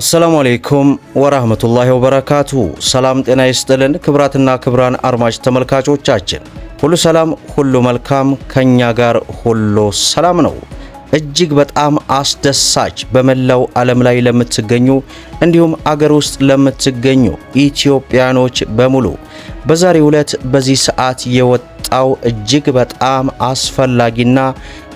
አሰላሙ አሌይኩም ወራህመቱላሂ ወበረካቱ። ሰላም ጤና ይስጥልን። ክብራትና ክብራን አድማጭ ተመልካቾቻችን ሁሉ ሰላም፣ ሁሉ መልካም፣ ከኛ ጋር ሁሉ ሰላም ነው። እጅግ በጣም አስደሳች በመላው ዓለም ላይ ለምትገኙ እንዲሁም አገር ውስጥ ለምትገኙ ኢትዮጵያኖች በሙሉ በዛሬው ዕለት በዚህ ሰዓት የወጣ ቁጠባው እጅግ በጣም አስፈላጊና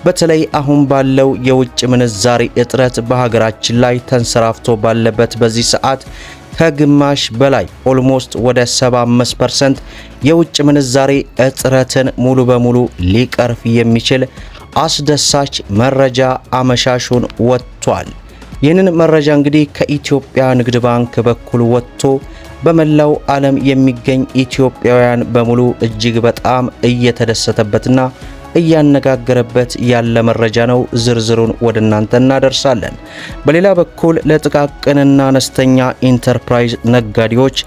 በተለይ አሁን ባለው የውጭ ምንዛሪ እጥረት በሀገራችን ላይ ተንሰራፍቶ ባለበት በዚህ ሰዓት ከግማሽ በላይ ኦልሞስት ወደ 75% የውጭ ምንዛሬ እጥረትን ሙሉ በሙሉ ሊቀርፍ የሚችል አስደሳች መረጃ አመሻሹን ወጥቷል። ይህንን መረጃ እንግዲህ ከኢትዮጵያ ንግድ ባንክ በኩል ወጥቶ በመላው ዓለም የሚገኝ ኢትዮጵያውያን በሙሉ እጅግ በጣም እየተደሰተበትና እያነጋገረበት ያለ መረጃ ነው። ዝርዝሩን ወደ እናንተ እናደርሳለን። በሌላ በኩል ለጥቃቅንና አነስተኛ ኢንተርፕራይዝ ነጋዴዎች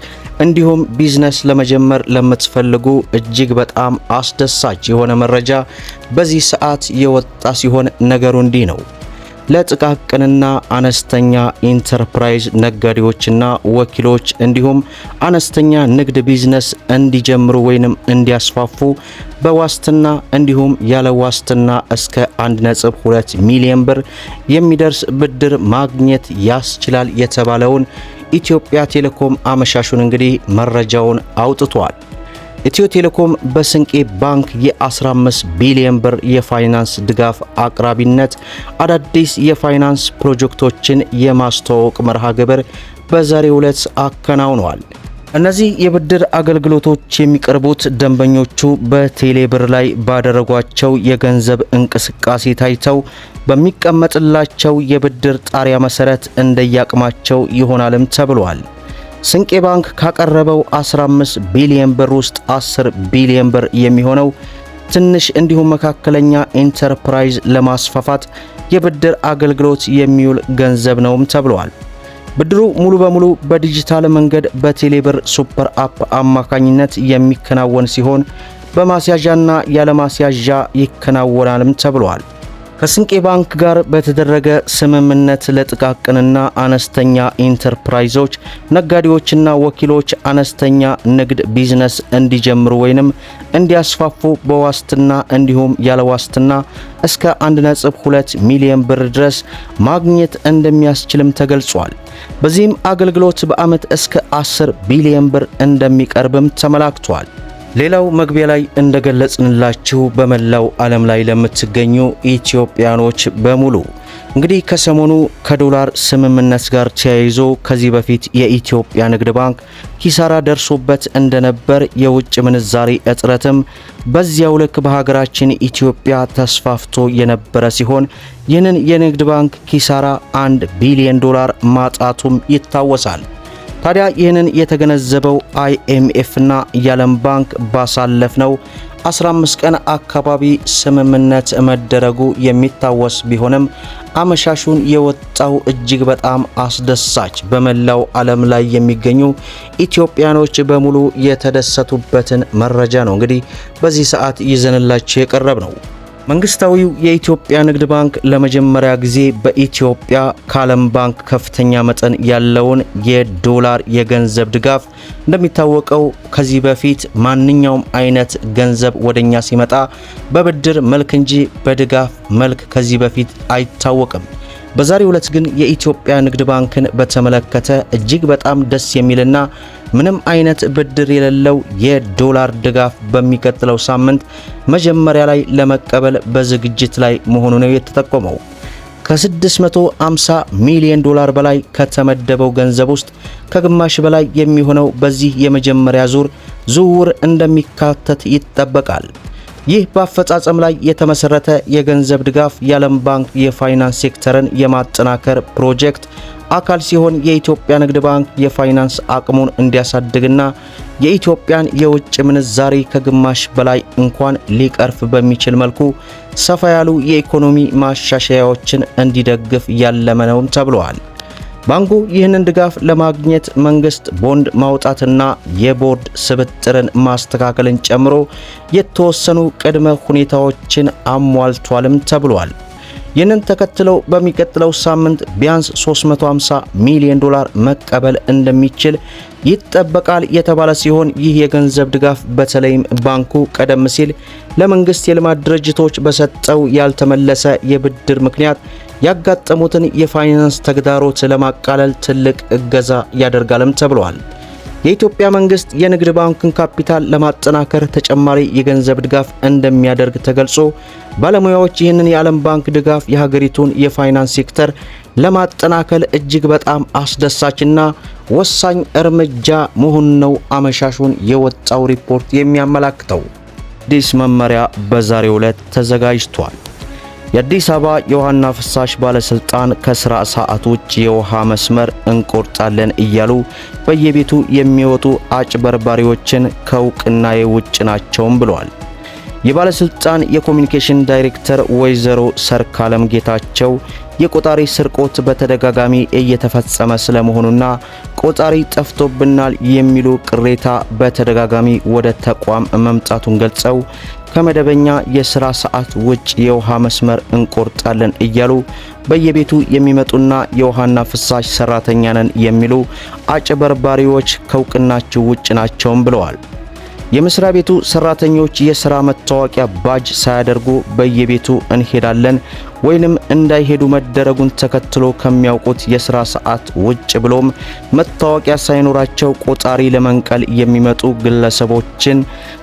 እንዲሁም ቢዝነስ ለመጀመር ለምትፈልጉ እጅግ በጣም አስደሳች የሆነ መረጃ በዚህ ሰዓት የወጣ ሲሆን ነገሩ እንዲህ ነው። ለጥቃቅንና አነስተኛ ኢንተርፕራይዝ ነጋዴዎችና ወኪሎች እንዲሁም አነስተኛ ንግድ ቢዝነስ እንዲጀምሩ ወይንም እንዲያስፋፉ በዋስትና እንዲሁም ያለ ዋስትና እስከ 1.2 ሚሊዮን ብር የሚደርስ ብድር ማግኘት ያስችላል የተባለውን ኢትዮጵያ ቴሌኮም አመሻሹን እንግዲህ መረጃውን አውጥቷል። ኢትዮ ቴሌኮም በስንቄ ባንክ የ15 ቢሊዮን ብር የፋይናንስ ድጋፍ አቅራቢነት አዳዲስ የፋይናንስ ፕሮጀክቶችን የማስተዋወቅ መርሃ ግብር በዛሬው ዕለት አከናውኗል። እነዚህ የብድር አገልግሎቶች የሚቀርቡት ደንበኞቹ በቴሌብር ላይ ባደረጓቸው የገንዘብ እንቅስቃሴ ታይተው በሚቀመጥላቸው የብድር ጣሪያ መሰረት እንደየአቅማቸው ይሆናልም ተብሏል። ስንቄ ባንክ ካቀረበው 15 ቢሊዮን ብር ውስጥ 10 ቢሊዮን ብር የሚሆነው ትንሽ እንዲሁም መካከለኛ ኢንተርፕራይዝ ለማስፋፋት የብድር አገልግሎት የሚውል ገንዘብ ነውም ተብሏል። ብድሩ ሙሉ በሙሉ በዲጂታል መንገድ በቴሌብር ሱፐር አፕ አማካኝነት የሚከናወን ሲሆን በማስያዣና ያለማስያዣ ይከናወናልም ተብሏል። ከስንቄ ባንክ ጋር በተደረገ ስምምነት ለጥቃቅንና አነስተኛ ኢንተርፕራይዞች ነጋዴዎችና ወኪሎች አነስተኛ ንግድ ቢዝነስ እንዲጀምሩ ወይንም እንዲያስፋፉ በዋስትና እንዲሁም ያለ ዋስትና እስከ 1.2 ሚሊዮን ብር ድረስ ማግኘት እንደሚያስችልም ተገልጿል። በዚህም አገልግሎት በዓመት እስከ 10 ቢሊዮን ብር እንደሚቀርብም ተመላክቷል። ሌላው መግቢያ ላይ እንደገለጽንላችሁ በመላው ዓለም ላይ ለምትገኙ ኢትዮጵያኖች በሙሉ እንግዲህ ከሰሞኑ ከዶላር ስምምነት ጋር ተያይዞ ከዚህ በፊት የኢትዮጵያ ንግድ ባንክ ኪሳራ ደርሶበት እንደነበር የውጭ ምንዛሪ እጥረትም በዚያው ልክ በሀገራችን ኢትዮጵያ ተስፋፍቶ የነበረ ሲሆን ይህንን የንግድ ባንክ ኪሳራ አንድ ቢሊዮን ዶላር ማጣቱም ይታወሳል። ታዲያ ይህንን የተገነዘበው አይኤምኤፍና የዓለም ባንክ ባሳለፍ ነው 15 ቀን አካባቢ ስምምነት መደረጉ የሚታወስ ቢሆንም አመሻሹን የወጣው እጅግ በጣም አስደሳች በመላው ዓለም ላይ የሚገኙ ኢትዮጵያኖች በሙሉ የተደሰቱበትን መረጃ ነው እንግዲህ በዚህ ሰዓት ይዘንላችሁ የቀረብ ነው። መንግስታዊው የኢትዮጵያ ንግድ ባንክ ለመጀመሪያ ጊዜ በኢትዮጵያ ከዓለም ባንክ ከፍተኛ መጠን ያለውን የዶላር የገንዘብ ድጋፍ እንደሚታወቀው ከዚህ በፊት ማንኛውም አይነት ገንዘብ ወደኛ ሲመጣ በብድር መልክ እንጂ በድጋፍ መልክ ከዚህ በፊት አይታወቅም። በዛሬው ዕለት ግን የኢትዮጵያ ንግድ ባንክን በተመለከተ እጅግ በጣም ደስ የሚልና ምንም አይነት ብድር የሌለው የዶላር ድጋፍ በሚቀጥለው ሳምንት መጀመሪያ ላይ ለመቀበል በዝግጅት ላይ መሆኑ ነው የተጠቆመው። ከ650 ሚሊዮን ዶላር በላይ ከተመደበው ገንዘብ ውስጥ ከግማሽ በላይ የሚሆነው በዚህ የመጀመሪያ ዙር ዝውውር እንደሚካተት ይጠበቃል። ይህ በአፈጻጸም ላይ የተመሰረተ የገንዘብ ድጋፍ የዓለም ባንክ የፋይናንስ ሴክተርን የማጠናከር ፕሮጀክት አካል ሲሆን የኢትዮጵያ ንግድ ባንክ የፋይናንስ አቅሙን እንዲያሳድግና የኢትዮጵያን የውጭ ምንዛሪ ከግማሽ በላይ እንኳን ሊቀርፍ በሚችል መልኩ ሰፋ ያሉ የኢኮኖሚ ማሻሻያዎችን እንዲደግፍ ያለመ ነውም ተብለዋል። ባንኩ ይህንን ድጋፍ ለማግኘት መንግስት ቦንድ ማውጣትና የቦርድ ስብጥርን ማስተካከልን ጨምሮ የተወሰኑ ቅድመ ሁኔታዎችን አሟልቷልም ተብሏል። ይህንን ተከትለው በሚቀጥለው ሳምንት ቢያንስ 350 ሚሊዮን ዶላር መቀበል እንደሚችል ይጠበቃል የተባለ ሲሆን ይህ የገንዘብ ድጋፍ በተለይም ባንኩ ቀደም ሲል ለመንግስት የልማት ድርጅቶች በሰጠው ያልተመለሰ የብድር ምክንያት ያጋጠሙትን የፋይናንስ ተግዳሮት ለማቃለል ትልቅ እገዛ ያደርጋልም ተብሏል። የኢትዮጵያ መንግስት የንግድ ባንክን ካፒታል ለማጠናከር ተጨማሪ የገንዘብ ድጋፍ እንደሚያደርግ ተገልጾ ባለሙያዎች ይህንን የዓለም ባንክ ድጋፍ የሀገሪቱን የፋይናንስ ሴክተር ለማጠናከል እጅግ በጣም አስደሳችና ወሳኝ እርምጃ መሆኑ ነው አመሻሹን የወጣው ሪፖርት የሚያመላክተው። አዲስ መመሪያ በዛሬው ዕለት ተዘጋጅቷል። የአዲስ አበባ የውሃና ፍሳሽ ባለስልጣን ከስራ ሰዓት ውጭ የውሃ መስመር እንቆርጣለን እያሉ በየቤቱ የሚወጡ አጭበርባሪዎችን ከእውቅና የውጭ ናቸውም ብለዋል። የባለስልጣን የኮሚኒኬሽን ዳይሬክተር ወይዘሮ ሰርካለም ጌታቸው የቆጣሪ ስርቆት በተደጋጋሚ እየተፈጸመ ስለመሆኑና ቆጣሪ ጠፍቶብናል የሚሉ ቅሬታ በተደጋጋሚ ወደ ተቋም መምጣቱን ገልጸው ከመደበኛ የስራ ሰዓት ውጭ የውሃ መስመር እንቆርጣለን እያሉ በየቤቱ የሚመጡና የውሃና ፍሳሽ ሰራተኛ ነን የሚሉ አጭበርባሪዎች ከእውቅናችሁ ውጭ ናቸውም ብለዋል። የመስሪያ ቤቱ ሰራተኞች የስራ መታወቂያ ባጅ ሳያደርጉ በየቤቱ እንሄዳለን ወይንም እንዳይሄዱ መደረጉን ተከትሎ ከሚያውቁት የስራ ሰዓት ውጭ ብሎም መታወቂያ ሳይኖራቸው ቆጣሪ ለመንቀል የሚመጡ ግለሰቦችን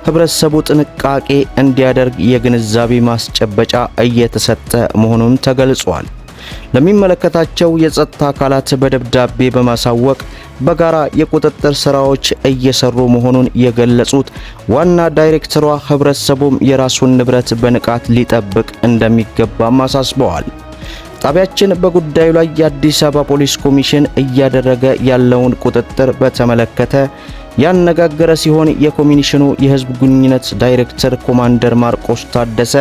ህብረተሰቡ ጥንቃቄ እንዲያደርግ የግንዛቤ ማስጨበጫ እየተሰጠ መሆኑን ተገልጿል። ለሚመለከታቸው የጸጥታ አካላት በደብዳቤ በማሳወቅ በጋራ የቁጥጥር ስራዎች እየሰሩ መሆኑን የገለጹት ዋና ዳይሬክተሯ ህብረተሰቡም የራሱን ንብረት በንቃት ሊጠብቅ እንደሚገባም አሳስበዋል። ጣቢያችን በጉዳዩ ላይ የአዲስ አበባ ፖሊስ ኮሚሽን እያደረገ ያለውን ቁጥጥር በተመለከተ ያነጋገረ ሲሆን የኮሚሽኑ የህዝብ ግንኙነት ዳይሬክተር ኮማንደር ማርቆስ ታደሰ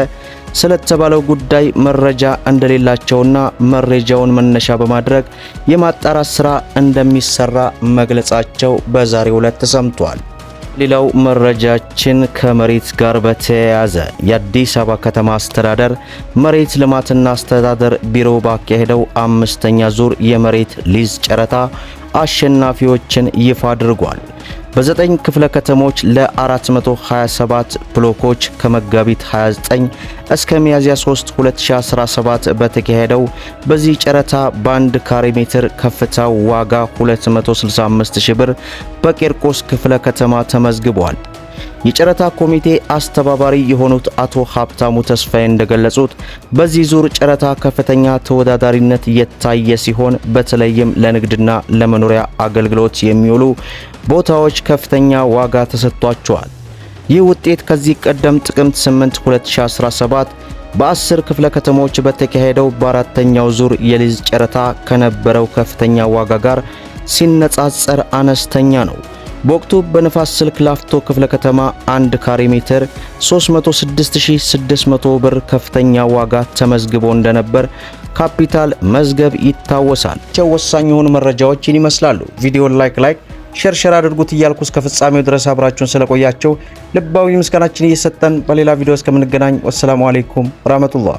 ስለተባለው ጉዳይ መረጃ እንደሌላቸውና መረጃውን መነሻ በማድረግ የማጣራት ስራ እንደሚሰራ መግለጻቸው በዛሬው ዕለት ተሰምቷል። ሌላው መረጃችን ከመሬት ጋር በተያያዘ የአዲስ አበባ ከተማ አስተዳደር መሬት ልማትና አስተዳደር ቢሮ ባካሄደው አምስተኛ ዙር የመሬት ሊዝ ጨረታ አሸናፊዎችን ይፋ አድርጓል። በዘጠኝ ክፍለ ከተሞች ለ427 ብሎኮች ከመጋቢት 29 እስከ ሚያዝያ 3 2017 በተካሄደው በዚህ ጨረታ በአንድ ካሬ ሜትር ከፍታው ዋጋ 265 ብር በቂርቆስ ክፍለ ከተማ ተመዝግቧል። የጨረታ ኮሚቴ አስተባባሪ የሆኑት አቶ ሀብታሙ ተስፋዬ እንደገለጹት በዚህ ዙር ጨረታ ከፍተኛ ተወዳዳሪነት የታየ ሲሆን በተለይም ለንግድና ለመኖሪያ አገልግሎት የሚውሉ ቦታዎች ከፍተኛ ዋጋ ተሰጥቷቸዋል። ይህ ውጤት ከዚህ ቀደም ጥቅምት 8 2017 በአስር ክፍለ ከተሞች በተካሄደው በአራተኛው ዙር የሊዝ ጨረታ ከነበረው ከፍተኛ ዋጋ ጋር ሲነጻጸር አነስተኛ ነው። በወቅቱ በንፋስ ስልክ ላፍቶ ክፍለ ከተማ 1 ካሬ ሜትር 306600 ብር ከፍተኛ ዋጋ ተመዝግቦ እንደነበር ካፒታል መዝገብ ይታወሳል። ቸው ወሳኝ የሆኑ መረጃዎችን ይመስላሉ። ቪዲዮን ላይክ ላይክ ሸርሸር አድርጉት እያልኩ እስከ ፍጻሜው ድረስ አብራችሁን ስለቆያቸው ልባዊ ምስጋናችን እየሰጠን በሌላ ቪዲዮ እስከምንገናኝ ወሰላሙ አሌይኩም ወራህመቱላህ።